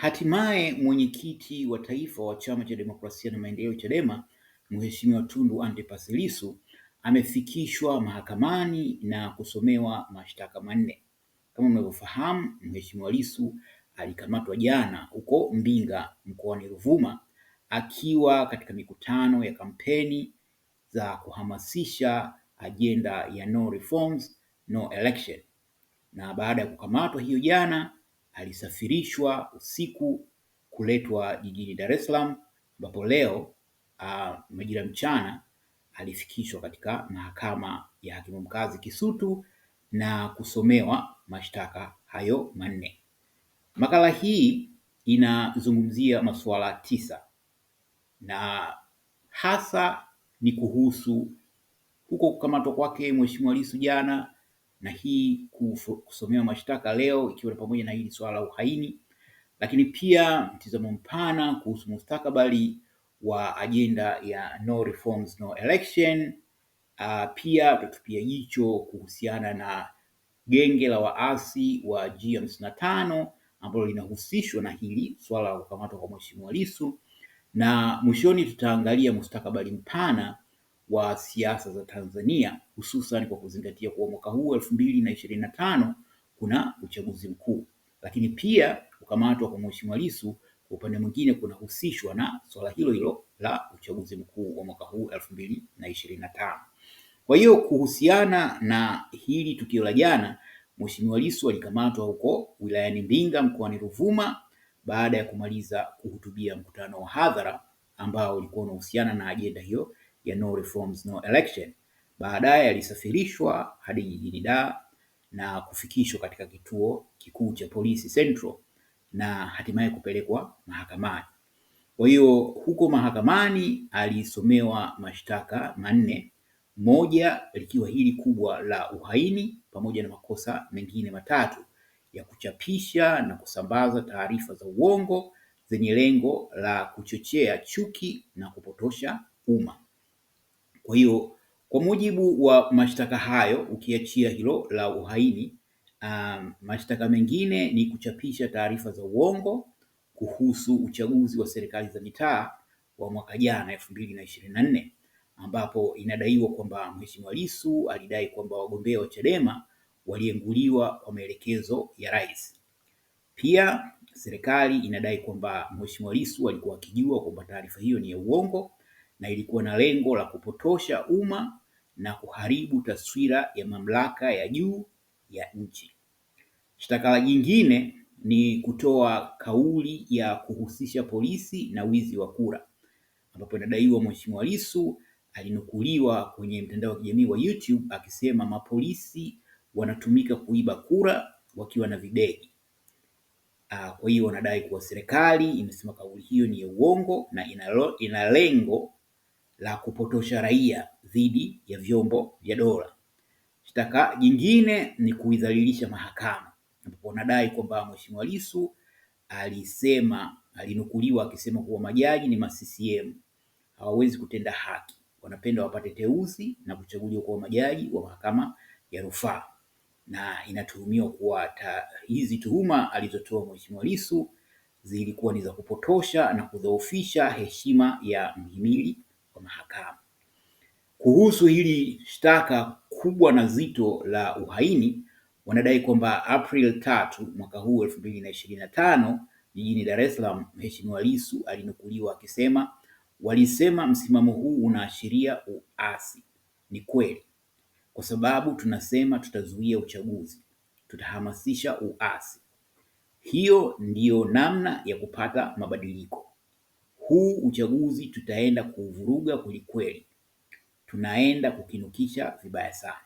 Hatimaye mwenyekiti wa taifa wa Chama cha Demokrasia na Maendeleo Chadema, Mheshimiwa Tundu Antipas Lissu amefikishwa mahakamani na kusomewa mashtaka manne. Kama mnavyofahamu, Mheshimiwa Lissu alikamatwa jana huko Mbinga mkoani Ruvuma akiwa katika mikutano ya kampeni za kuhamasisha ajenda ya no reforms, no election. Na baada ya kukamatwa hiyo jana alisafirishwa usiku kuletwa jijini Dar es Salaam, ambapo leo uh, majira mchana alifikishwa katika mahakama ya hakimu mkazi Kisutu na kusomewa mashtaka hayo manne. Makala hii inazungumzia masuala tisa na hasa ni kuhusu huko kukamatwa kwake Mheshimiwa Lissu jana na hii kusomewa mashtaka leo, ikiwa pamoja na hili swala la uhaini, lakini pia mtizamo mpana kuhusu mustakabali wa ajenda ya no reforms, no election. Uh, pia tutatupia jicho kuhusiana na genge la waasi wa G55 ambalo linahusishwa na hili swala la kukamatwa kwa Mheshimiwa Lissu, na mwishoni tutaangalia mustakabali mpana wa siasa za Tanzania, hususan kwa kuzingatia kuwa mwaka huu elfu mbili na ishirini na tano kuna uchaguzi mkuu. Lakini pia kukamatwa kwa Mheshimiwa Lissu kwa upande mwingine kunahusishwa na swala hilo hilo la uchaguzi mkuu wa mwaka huu elfu mbili na ishirini na tano. Kwa hiyo kuhusiana na hili tukio la jana, Mheshimiwa Lissu alikamatwa huko wilayani Mbinga mkoani Ruvuma baada ya kumaliza kuhutubia mkutano wa hadhara ambao ulikuwa unahusiana na ajenda hiyo ya no reforms no election. Baadaye alisafirishwa hadi jijini Dar na kufikishwa katika kituo kikuu cha polisi Central na hatimaye kupelekwa mahakamani. Kwa hiyo huko mahakamani alisomewa mashtaka manne, moja likiwa hili kubwa la uhaini pamoja na makosa mengine matatu ya kuchapisha na kusambaza taarifa za uongo zenye lengo la kuchochea chuki na kupotosha umma. Kwa hiyo kwa mujibu wa mashtaka hayo, ukiachia hilo la uhaini, um, mashtaka mengine ni kuchapisha taarifa za uongo kuhusu uchaguzi wa serikali za mitaa wa mwaka jana elfu mbili na ishirini na nne ambapo inadaiwa kwamba Mheshimiwa Lissu alidai kwamba wagombea wa Chadema walienguliwa kwa maelekezo ya rais. Pia serikali inadai kwamba Mheshimiwa Lissu alikuwa akijua kwamba taarifa hiyo ni ya uongo na ilikuwa na lengo la kupotosha umma na kuharibu taswira ya mamlaka ya juu ya nchi. Shtaka jingine ni kutoa kauli ya kuhusisha polisi na wizi wa kura, ambapo inadaiwa Mheshimiwa Lissu alinukuliwa kwenye mtandao wa kijamii wa YouTube akisema mapolisi wanatumika kuiba kura wakiwa na videgi. Ah, kwa hiyo wanadai kuwa serikali imesema kauli hiyo ni ya uongo na ina lengo la kupotosha raia dhidi ya vyombo vya dola. Shtaka jingine ni kuidhalilisha mahakama, ambapo wanadai kwamba Mheshimiwa Lissu alisema, alinukuliwa akisema kuwa majaji ni ma CCM hawawezi kutenda haki, wanapenda wapate teuzi na kuchaguliwa kuwa majaji wa mahakama ya rufaa, na inatuhumiwa kuwa ta, hizi tuhuma alizotoa Mheshimiwa Lissu zilikuwa ni za kupotosha na kudhoofisha heshima ya mhimili kwa mahakama. Kuhusu hili shtaka kubwa na zito la uhaini, wanadai kwamba April tatu mwaka huu elfu mbili na ishirini na tano jijini Dar es Salaam, Mheshimiwa Lissu alinukuliwa akisema, walisema msimamo huu unaashiria uasi. Ni kweli, kwa sababu tunasema tutazuia uchaguzi, tutahamasisha uasi. Hiyo ndiyo namna ya kupata mabadiliko huu uchaguzi tutaenda kuuvuruga kwelikweli, tunaenda kukinukisha vibaya sana.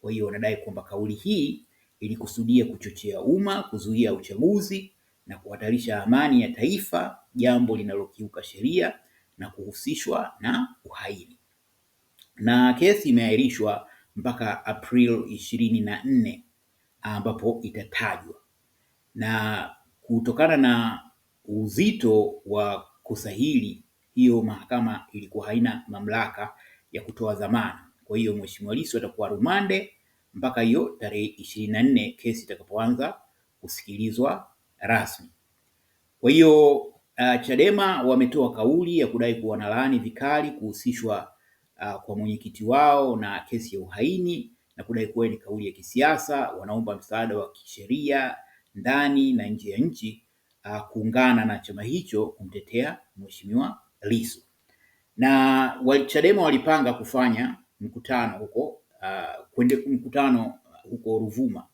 Kwa hiyo wanadai kwamba kauli hii ilikusudia kuchochea umma, kuzuia uchaguzi na kuhatarisha amani ya taifa, jambo linalokiuka sheria na kuhusishwa na uhaini. Na kesi imeahirishwa mpaka April ishirini na nne ambapo itatajwa, na kutokana na uzito wa kosa hili hiyo mahakama ilikuwa haina mamlaka ya kutoa dhamana. Kwa hiyo Mheshimiwa Lissu atakuwa rumande mpaka hiyo tarehe ishirini na nne kesi itakapoanza kusikilizwa rasmi. Kwa hiyo uh, Chadema wametoa kauli ya kudai kuwa wanalaani vikali kuhusishwa uh, kwa mwenyekiti wao na kesi ya uhaini na kudai kuwa ni kauli ya kisiasa. Wanaomba msaada wa kisheria ndani na nje ya nchi uh, kuungana na chama hicho kumtetea Mheshimiwa Lissu, na Chadema walipanga kufanya mkutano huko uh, kwende mkutano huko Ruvuma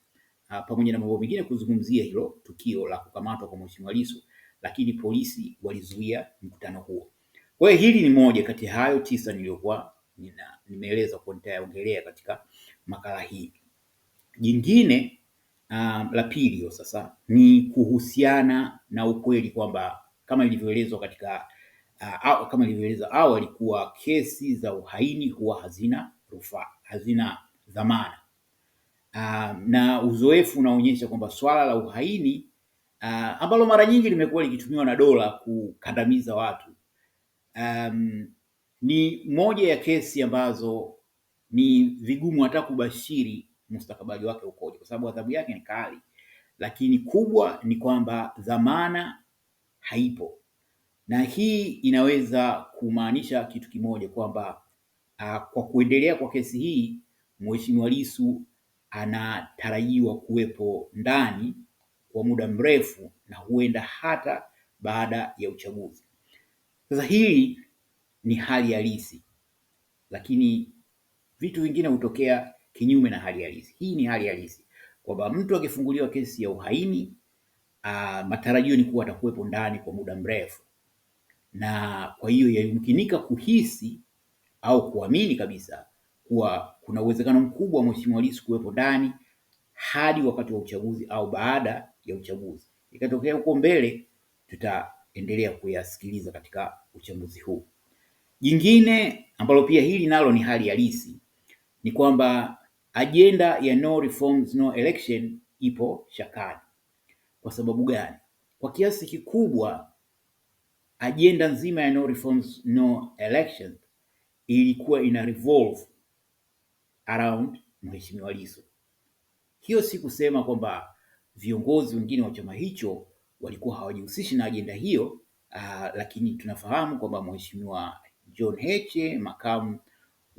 uh, pamoja na mambo mengine kuzungumzia hilo tukio la kukamatwa kwa Mheshimiwa Lissu, lakini polisi walizuia mkutano huo. Kwa hiyo hili ni moja kati ya hayo tisa niliyokuwa nimeeleza kuwa nitayaongelea katika makala hii. Jingine Um, la pili sasa ni kuhusiana na ukweli kwamba kama ilivyoelezwa katika uh, kama ilivyoelezwa awali kuwa kesi za uhaini huwa hazina rufaa, hazina dhamana. Uh, na uzoefu unaonyesha kwamba swala la uhaini uh, ambalo mara nyingi limekuwa likitumiwa na dola kukandamiza watu um, ni moja ya kesi ambazo ni vigumu hata kubashiri mustakabali wake uko kwa sababu adhabu yake ni kali, lakini kubwa ni kwamba dhamana haipo, na hii inaweza kumaanisha kitu kimoja kwamba ah, kwa kuendelea kwa kesi hii Mheshimiwa Lissu anatarajiwa kuwepo ndani kwa muda mrefu na huenda hata baada ya uchaguzi. Sasa hili ni hali halisi, lakini vitu vingine hutokea kinyume na hali halisi. Hii ni hali halisi kwamba mtu akifunguliwa kesi ya uhaini uh, matarajio ni kuwa atakuwepo ndani kwa muda mrefu, na kwa hiyo yayumkinika kuhisi au kuamini kabisa kuwa kuna uwezekano mkubwa wa Mheshimiwa Lissu kuwepo ndani hadi wakati wa uchaguzi au baada ya uchaguzi. Ikatokea huko mbele, tutaendelea kuyasikiliza katika uchambuzi huu. Jingine ambalo pia hili nalo ni hali halisi ni kwamba Ajenda ya no reforms no election ipo shakani. Kwa sababu gani? Kwa kiasi kikubwa ajenda nzima ya no reforms no election ilikuwa ina revolve around Mheshimiwa Lissu. Hiyo si kusema kwamba viongozi wengine wa chama hicho walikuwa hawajihusishi na ajenda hiyo, uh, lakini tunafahamu kwamba Mheshimiwa John Heche makamu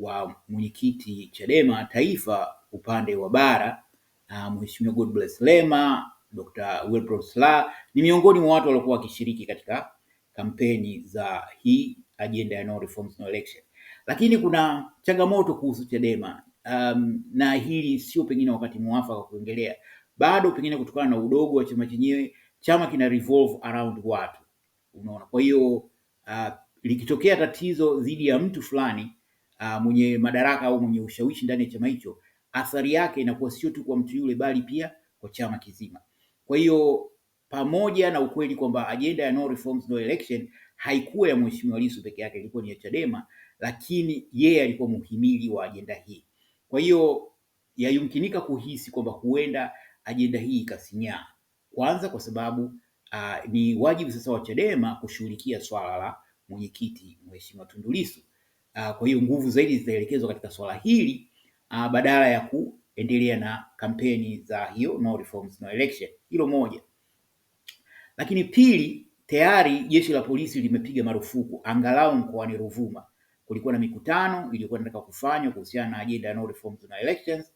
wa mwenyekiti Chadema Taifa upande wa bara na Mheshimiwa Godbless Lema, Dr. Wilbrod Slaa ni miongoni mwa watu waliokuwa wakishiriki katika kampeni za hii ajenda ya no reforms no election. Lakini kuna changamoto kuhusu Chadema um, na hili sio pengine wakati mwafaka kuongelea bado, pengine kutokana na udogo wa chama chenyewe, chama kina revolve around watu, unaona. Kwa hiyo uh, likitokea tatizo dhidi ya mtu fulani uh, mwenye madaraka au mwenye ushawishi ndani ya chama hicho, athari yake inakuwa sio tu kwa mtu yule, bali pia kwa chama kizima. Kwa hiyo pamoja na ukweli kwamba ajenda ya no reforms no election haikuwa ya Mheshimiwa Lissu peke yake, ilikuwa ni ya Chadema, lakini yeye alikuwa muhimili wa ajenda hii. Kwa hiyo yayumkinika kuhisi kwamba huenda ajenda hii ikasinyaa, kwanza kwa sababu uh, ni wajibu sasa wa Chadema kushughulikia swala la mwenyekiti Mheshimiwa Tundu Lissu. Ah, kwa hiyo nguvu zaidi zitaelekezwa katika swala hili ah, badala ya kuendelea na kampeni za hiyo no reforms, no election. Hilo moja, lakini pili, tayari jeshi la polisi limepiga marufuku angalau mkoani Ruvuma. Kulikuwa na mikutano iliyokuwa inataka kufanywa kuhusiana na ajenda ya no reforms, no elections.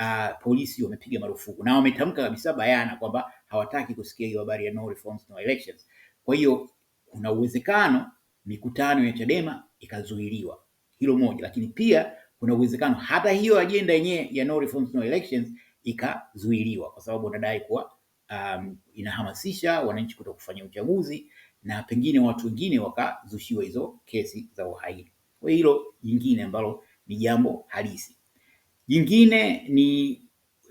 Uh, polisi wamepiga marufuku na wametamka kabisa bayana kwamba hawataki kusikia hiyo habari ya no reforms, no elections. Kwa hiyo kuna uwezekano mikutano ya Chadema ikazuiliwa. Hilo moja, lakini pia kuna uwezekano hata hiyo ajenda yenyewe ya no reforms no elections ikazuiliwa kwa sababu wanadai kuwa um, inahamasisha wananchi kuto kufanya uchaguzi na pengine watu wengine wakazushiwa hizo kesi za uhaini. Kwa hilo jingine ambalo ni jambo halisi. Jingine ni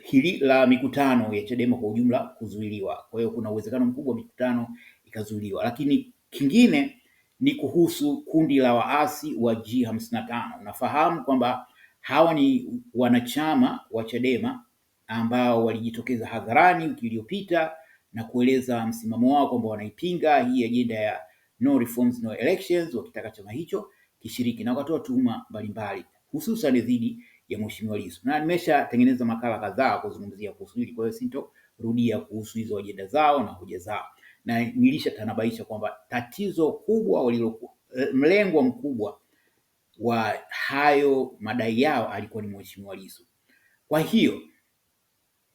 hili la mikutano ya Chadema kwa ujumla kuzuiliwa. Kwa hiyo kuna uwezekano mkubwa mikutano ikazuiliwa, lakini kingine ni kuhusu kundi la waasi wa G55. Nafahamu kwamba hawa ni wanachama wa Chadema ambao walijitokeza hadharani wiki iliyopita na kueleza msimamo wao kwamba wanaipinga hii ajenda ya no reforms no elections, wakitaka chama hicho kishiriki na wakatoa tuhuma mbalimbali hususan dhidi ya Mheshimiwa Lissu, na nimeshatengeneza makala kadhaa kuzungumzia kuhusu hili, kwa hiyo sintorudia kuhusu hizo ajenda zao na hoja zao na nilishataanabaisha kwamba tatizo kubwa walilokuwa, eh, mlengwa mkubwa wa hayo madai yao alikuwa ni Mheshimiwa Lissu. Kwa hiyo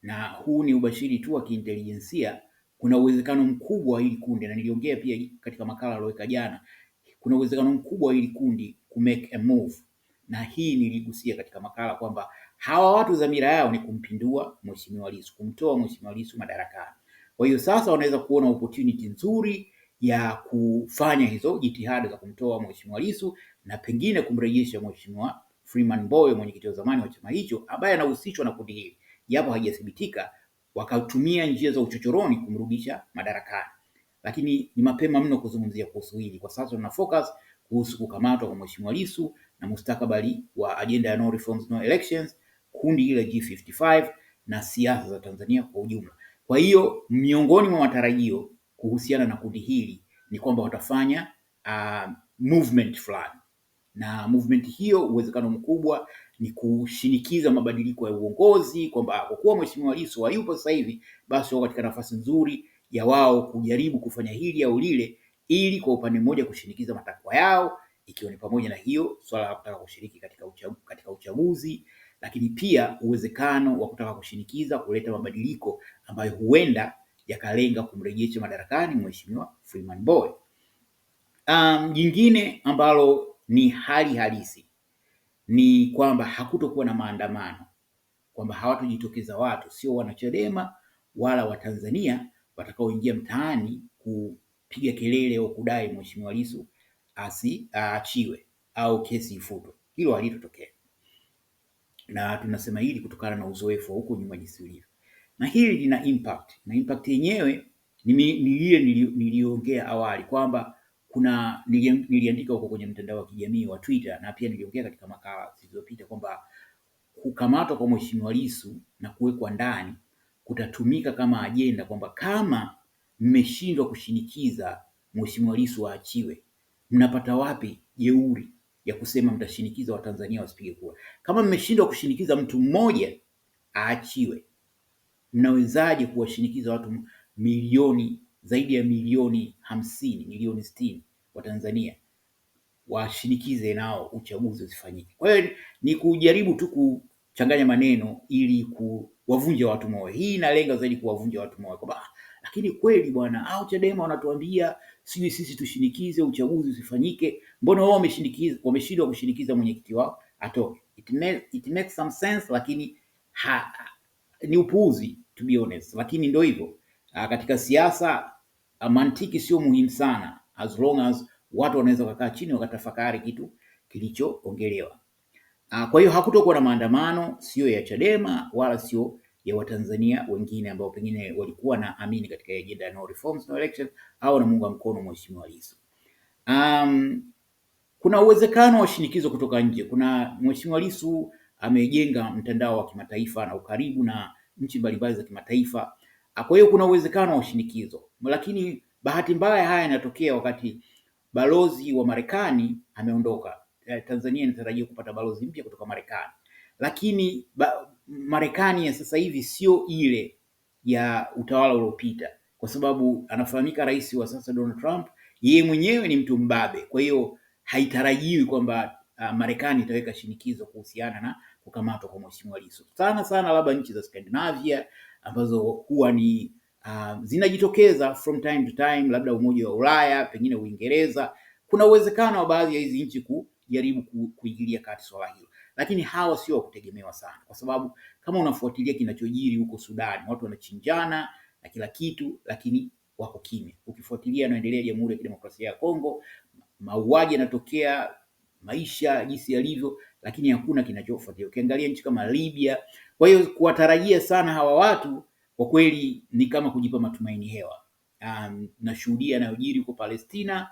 na huu ni ubashiri tu wa kiintelijensia, kuna uwezekano mkubwa wa hili kundi, na niliongea pia katika makala aliyoweka jana, kuna uwezekano mkubwa wa hili kundi ku make a move, na hii niligusia katika makala kwamba hawa watu dhamira yao ni kumpindua Mheshimiwa Lissu, kumtoa Mheshimiwa Lissu madarakani. Kwa hiyo sasa wanaweza kuona opportunity nzuri ya kufanya hizo jitihada za kumtoa Mheshimiwa Lissu na pengine kumrejesha Mheshimiwa Freeman Mbowe, mwenyekiti wa zamani wa chama hicho ambaye anahusishwa na kundi hili japo hajathibitika, wakatumia njia za uchochoroni kumrudisha madarakani. Lakini ni mapema mno kuzungumzia kuhusu hili kwa sasa, tuna focus kuhusu kukamatwa kwa Mheshimiwa Lissu na mustakabali wa ajenda ya no reforms no elections, kundi hili la G55 na siasa za Tanzania kwa ujumla. Kwa hiyo miongoni mwa matarajio kuhusiana na kundi hili ni kwamba watafanya uh, movement fulani, na movement hiyo uwezekano mkubwa ni kushinikiza mabadiliko ya uongozi, kwamba ah, kwa kuwa Mheshimiwa Lissu hayupo sasa hivi, basi wao katika nafasi nzuri ya wao kujaribu kufanya hili au lile, ili kwa upande mmoja kushinikiza matakwa yao, ikiwa ni pamoja na hiyo swala la kutaka kushiriki katika uchaguzi lakini pia uwezekano wa kutaka kushinikiza kuleta mabadiliko ambayo huenda yakalenga kumrejesha madarakani Mheshimiwa Freeman Mbowe. Um, jingine ambalo ni hali halisi ni kwamba hakutokuwa na maandamano, kwamba hawatojitokeza watu, sio wanachadema wala Watanzania watakaoingia mtaani kupiga kelele au kudai Mheshimiwa Lissu asi aachiwe au kesi ifutwe. Hilo halitotokea na tunasema hili kutokana na uzoefu wa huko nyuma jinsi ulivyo, na hili lina impact na impact yenyewe ni ile niliongea awali kwamba kuna niliandika huko kwenye mtandao wa kijamii wa Twitter na pia niliongea katika makala zilizopita kwamba kukamatwa kwa Mheshimiwa Lissu na kuwekwa ndani kutatumika kama ajenda kwamba kama mmeshindwa kushinikiza Mheshimiwa Lissu aachiwe mnapata wapi jeuri ya kusema mtashinikiza Watanzania wasipige kura. Kama mmeshindwa kushinikiza mtu mmoja aachiwe, mnawezaje kuwashinikiza watu milioni zaidi ya milioni hamsini, milioni sitini tanzania washinikize nao uchaguzi usifanyike? Kwa hiyo ni kujaribu tu kuchanganya maneno ili kuwavunja watu moyo. Hii inalenga zaidi kuwavunja watu moyo kwamba ah, lakini kweli bwana au Chadema wanatuambia sijui sisi tushinikize uchaguzi usifanyike, mbona wao wameshinikiza, wameshindwa kushinikiza mwenyekiti wao atoke. It, may, it makes some sense, lakini ha, ni upuuzi to be honest, lakini ndio hivyo ah, katika siasa. Ah, mantiki sio muhimu sana as long as watu wanaweza kukaa chini wakatafakari kitu kilichoongelewa. Ah, kwa hiyo hakutokuwa na maandamano, sio ya Chadema wala sio ya Watanzania wengine ambao pengine walikuwa na amini katika ajenda ya no reforms no election au wanamuunga mkono mheshimiwa Lissu. Um, kuna uwezekano wa shinikizo kutoka nje. Kuna mheshimiwa Lissu amejenga mtandao wa kimataifa na ukaribu na nchi mbalimbali za kimataifa, kwa hiyo kuna uwezekano wa shinikizo, lakini bahati mbaya haya yanatokea wakati balozi wa Marekani ameondoka. Eh, Tanzania inatarajia kupata balozi mpya kutoka Marekani, lakini ba Marekani ya sasa hivi sio ile ya utawala uliopita, kwa sababu anafahamika rais wa sasa Donald Trump, yeye mwenyewe ni mtu mbabe. Kwa hiyo haitarajiwi kwamba uh, Marekani itaweka shinikizo kuhusiana na kukamatwa kwa Mheshimiwa Lissu. Sana sana labda nchi za Skandinavia ambazo huwa ni uh, zinajitokeza from time to time, labda Umoja wa Ulaya, pengine Uingereza. Kuna uwezekano wa baadhi ya hizi nchi kujaribu kuingilia kati swala hilo lakini hawa sio wa kutegemewa sana, kwa sababu kama unafuatilia kinachojiri huko Sudani, watu wanachinjana na kila kitu, lakini wako kimya. Ukifuatilia yanaendelea Jamhuri ya Kidemokrasia ya Kongo, mauaji yanatokea, maisha jinsi yalivyo, lakini hakuna kinachofuatilia. Ukiangalia nchi kama Libya. Kwa hiyo kuwatarajia sana hawa watu kwa kweli ni kama kujipa matumaini hewa. Um, nashuhudia yanayojiri huko Palestina,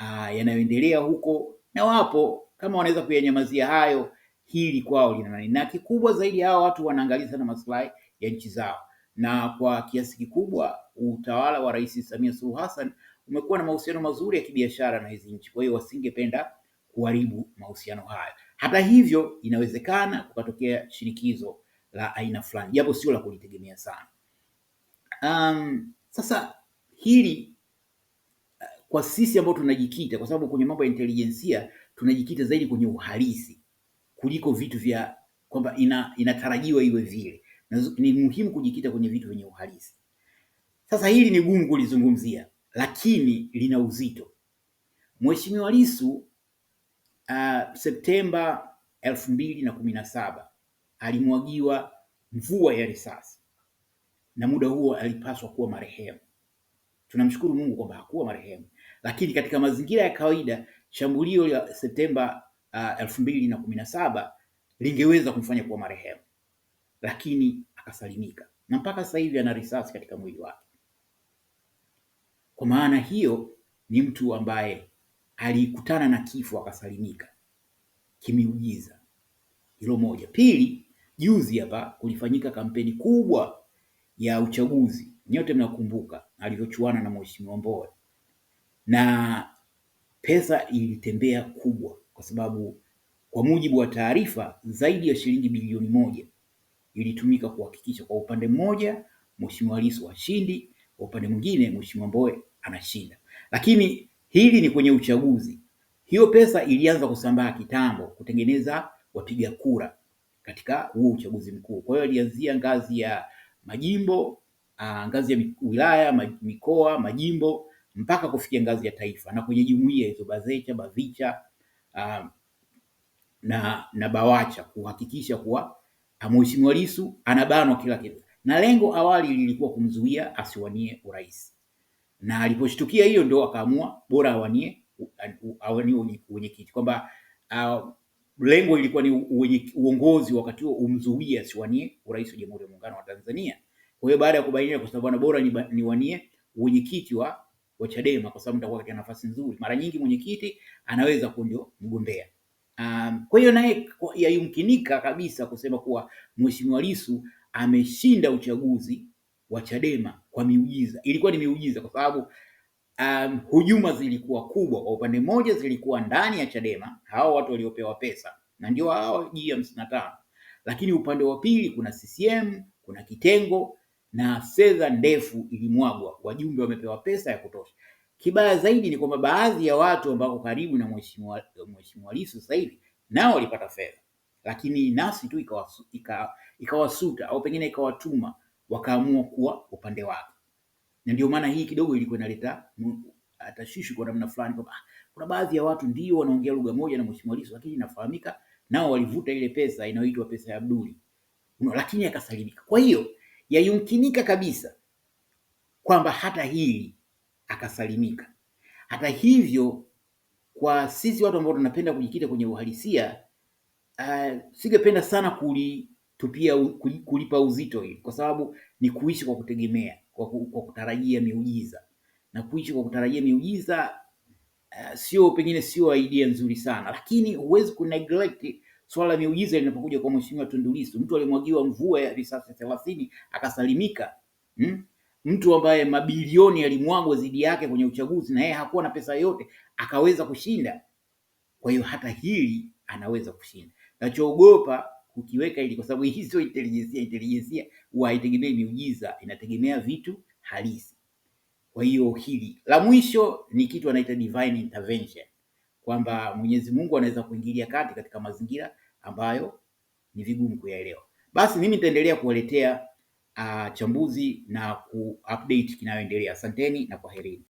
uh, yanayoendelea huko, na wapo kama wanaweza kuyanyamazia hayo hili kwao lina nani, na kikubwa zaidi hao watu wanaangalia sana maslahi ya nchi zao, na kwa kiasi kikubwa utawala wa Rais Samia Suluhu Hassan umekuwa na mahusiano mazuri ya kibiashara na hizi nchi, kwa hiyo wasingependa kuharibu mahusiano hayo. Hata hivyo, inawezekana kukatokea shinikizo la aina fulani, japo sio la kulitegemea sana. Um, sasa hili kwa sisi ambao tunajikita, kwa sababu kwenye mambo ya intelijensia tunajikita zaidi kwenye uhalisi kuliko vitu vya kwamba ina, inatarajiwa iwe vile. Ni muhimu kujikita kwenye vitu vyenye uhalisi. Sasa hili ni gumu kulizungumzia, lakini lina uzito. Mheshimiwa Lissu uh, Septemba elfu mbili na kumi na saba alimwagiwa mvua ya risasi na muda huo alipaswa kuwa marehemu. Tunamshukuru Mungu kwamba hakuwa marehemu, lakini katika mazingira ya kawaida shambulio la Septemba Uh, elfu mbili na kumi na saba lingeweza kumfanya kuwa marehemu, lakini akasalimika na mpaka sasa hivi ana risasi katika mwili wake. Kwa maana hiyo ni mtu ambaye alikutana na kifo akasalimika kimiujiza. Hilo moja. Pili, juzi hapa kulifanyika kampeni kubwa ya uchaguzi, nyote mnakumbuka alivyochuana na Mheshimiwa Mbowe na pesa ilitembea kubwa kwa sababu kwa mujibu wa taarifa zaidi ya shilingi bilioni moja ilitumika kuhakikisha kwa upande mmoja Mheshimiwa Lissu washindi, kwa upande mwingine Mheshimiwa Mbowe anashinda. Lakini hili ni kwenye uchaguzi. Hiyo pesa ilianza kusambaa kitambo kutengeneza wapiga kura katika huo uchaguzi mkuu. Kwa hiyo ilianzia ngazi ya majimbo, a, ngazi ya wilaya, mikoa, majimbo mpaka kufikia ngazi ya taifa na kwenye jumuiya hizo BAZECHA, BAVICHA Ah, na, na BAWACHA kuhakikisha kuwa ah, Mheshimiwa Lissu anabanwa kila kitu, na lengo awali lilikuwa kumzuia asiwanie urais, na aliposhtukia hiyo ndo akaamua bora awanie awanie uwenyekiti kwamba uh, lengo lilikuwa ni uwenye, uongozi wakati huo umzuie asiwanie urais wa Jamhuri ya Muungano wa Tanzania. Kwa hiyo baada ya kubainika kwa sababu ni bora niwanie uwenyekiti wa wa Chadema kwa sababu mtakuwa katika nafasi nzuri. Mara nyingi mwenyekiti anaweza kuwa ndio mgombea. Um, kwa hiyo naye yayumkinika kabisa kusema kuwa Mheshimiwa Lissu ameshinda uchaguzi wa Chadema kwa miujiza. Ilikuwa ni miujiza kwa sababu um, hujuma zilikuwa kubwa kwa upande mmoja, zilikuwa ndani ya Chadema, hao watu waliopewa pesa na ndio hao G55, lakini upande wa pili kuna CCM, kuna kitengo na fedha ndefu ilimwagwa, wajumbe wamepewa pesa ya kutosha. Kibaya zaidi ni kwamba baadhi ya watu ambao karibu na mheshimiwa mheshimiwa Lissu sasa hivi nao walipata fedha, lakini nafsi tu ikawasuta ika, ika au pengine ikawatuma wakaamua kuwa upande wake, na ndio maana hii kidogo ilikuwa inaleta tashwishi kwa namna fulani kwamba ah, kuna baadhi ya watu ndio wanaongea lugha moja na mheshimiwa Lissu, lakini inafahamika nao walivuta ile pesa inayoitwa pesa ya Abduli, lakini akasalimika. Kwa hiyo yayumkinika kabisa kwamba hata hili akasalimika. Hata hivyo, kwa sisi watu ambao tunapenda kujikita kwenye uhalisia uh, singependa sana kulitupia kulipa uzito hili, kwa sababu ni kuishi kwa kutegemea, kwa, kwa kutarajia miujiza na kuishi kwa kutarajia miujiza uh, sio pengine sio idea nzuri sana, lakini huwezi kuneglect Swala la miujiza linapokuja kwa Mheshimiwa Tundu Lissu, mtu alimwagiwa mvua ya risasi thelathini akasalimika hmm? Mtu ambaye mabilioni yalimwagwa dhidi yake kwenye uchaguzi na yeye hakuwa na pesa yote akaweza kushinda. Kwa hiyo hata hili anaweza kushinda, nachoogopa ukiweka ili, kwa sababu hii sio intelijensia. Intelijensia huwa haitegemei miujiza, inategemea vitu halisi. Kwa hiyo hili la mwisho ni kitu anaita divine intervention kwamba Mwenyezi Mungu anaweza kuingilia kati katika mazingira ambayo ni vigumu kuyaelewa. Basi mimi nitaendelea kuwaletea uh, chambuzi na kuupdate kinayoendelea. Asanteni na kwaherini.